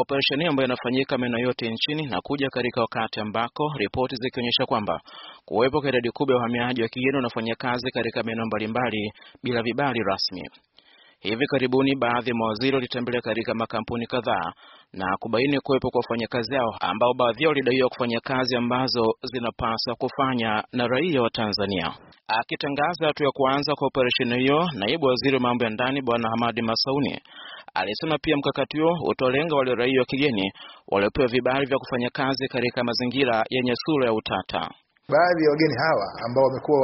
operesheni ambayo inafanyika maeneo yote nchini na kuja katika wakati ambako ripoti zikionyesha kwamba kuwepo kwa idadi kubwa ya uhamiaji wa kigeni wanafanya kazi katika maeneo mbalimbali bila vibali rasmi. Hivi karibuni baadhi ya mawaziri walitembelea katika makampuni kadhaa na kubaini kuwepo kwa wafanyakazi hao ambao baadhi yao walidaiwa kufanya kazi ambazo zinapaswa kufanya na raia wa Tanzania. Akitangaza hatua ya kuanza kwa operesheni hiyo, naibu waziri wa mambo ya ndani Bwana Hamadi Masauni Alisema pia mkakati huo utolenga wale raia wa kigeni waliopewa vibali vya kufanya kazi katika mazingira yenye sura ya utata. Baadhi ya wageni hawa ambao wamekuwa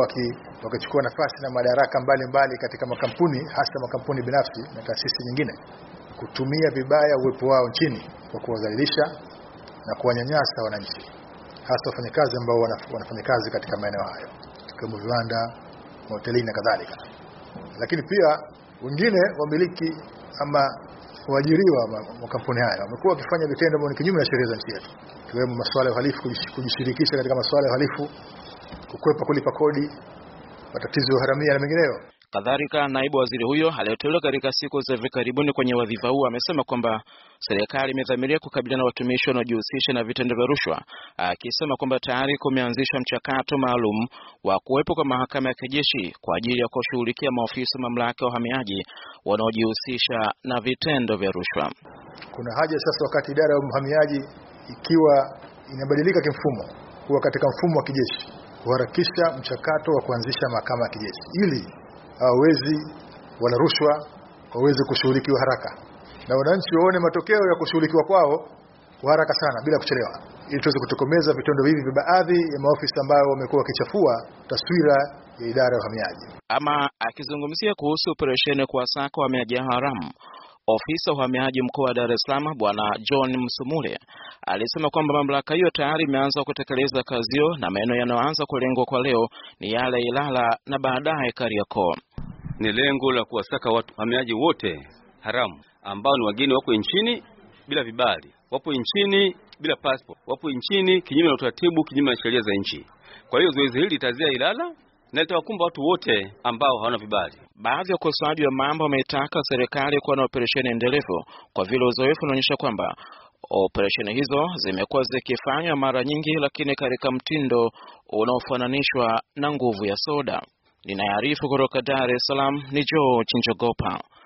wakichukua nafasi na madaraka mbalimbali mbali katika makampuni hasa makampuni binafsi na taasisi nyingine, kutumia vibaya uwepo wao nchini kwa kuwadhalilisha na kuwanyanyasa wananchi, hasa wafanyakazi ambao wanafanya kazi katika maeneo hayo kama viwanda, mahoteli na kadhalika. Lakini pia wengine wamiliki ama waajiriwa makampuni haya wamekuwa wakifanya vitendo ambavyo ni kinyume na sheria za nchi yetu, ikiwemo masuala ya uhalifu, kujishirikisha katika masuala ya uhalifu, kukwepa kulipa kodi, matatizo ya uharamia na mengineyo. Kadhalika, naibu waziri huyo aliyeteuliwa katika siku za hivi karibuni kwenye wadhifa huo amesema kwamba serikali imedhamiria kukabiliana na watumishi wanaojihusisha na vitendo vya rushwa, akisema kwamba tayari kumeanzishwa mchakato maalum wa kuwepo kwa mahakama ya kijeshi kwa ajili ya kushughulikia maofisa mamlaka ya uhamiaji wanaojihusisha na vitendo vya rushwa. Kuna haja sasa, wakati idara ya uhamiaji ikiwa inabadilika kimfumo kuwa katika mfumo wa kijeshi, kuharakisha mchakato wa kuanzisha mahakama ya kijeshi ili au wezi wala rushwa waweze kushughulikiwa haraka na wananchi waone matokeo ya kushughulikiwa kwao kwa haraka sana bila kuchelewa ili tuweze kutokomeza vitendo hivi vya baadhi ya maofisa ambao wamekuwa wakichafua taswira ya idara ya uhamiaji. Ama akizungumzia kuhusu operesheni kuwasaka wahamiaji haramu, ofisa uhamiaji mkoa wa Dar es Salaam Bwana John Msumule alisema kwamba mamlaka hiyo tayari imeanza kutekeleza kazi hiyo na maeneo yanayoanza kulengwa kwa leo ni yale Ilala na baadaye Kariakoo ni lengo la kuwasaka watu wahamiaji wote haramu ambao ni wageni, wako nchini bila vibali, wapo nchini bila passport, wapo nchini kinyume na utaratibu, kinyume na sheria za nchi. Kwa hiyo zoezi hili litazia Ilala na litawakumba watu wote ambao hawana vibali. Baadhi ya ukosoaji wa mambo wameitaka serikali kuwa na operesheni endelevu, kwa vile uzoefu unaonyesha kwamba operesheni hizo zimekuwa zikifanywa mara nyingi, lakini katika mtindo unaofananishwa na nguvu ya soda. Ninaarifu kutoka Dar es Salaam ni Joe Chinjogopa.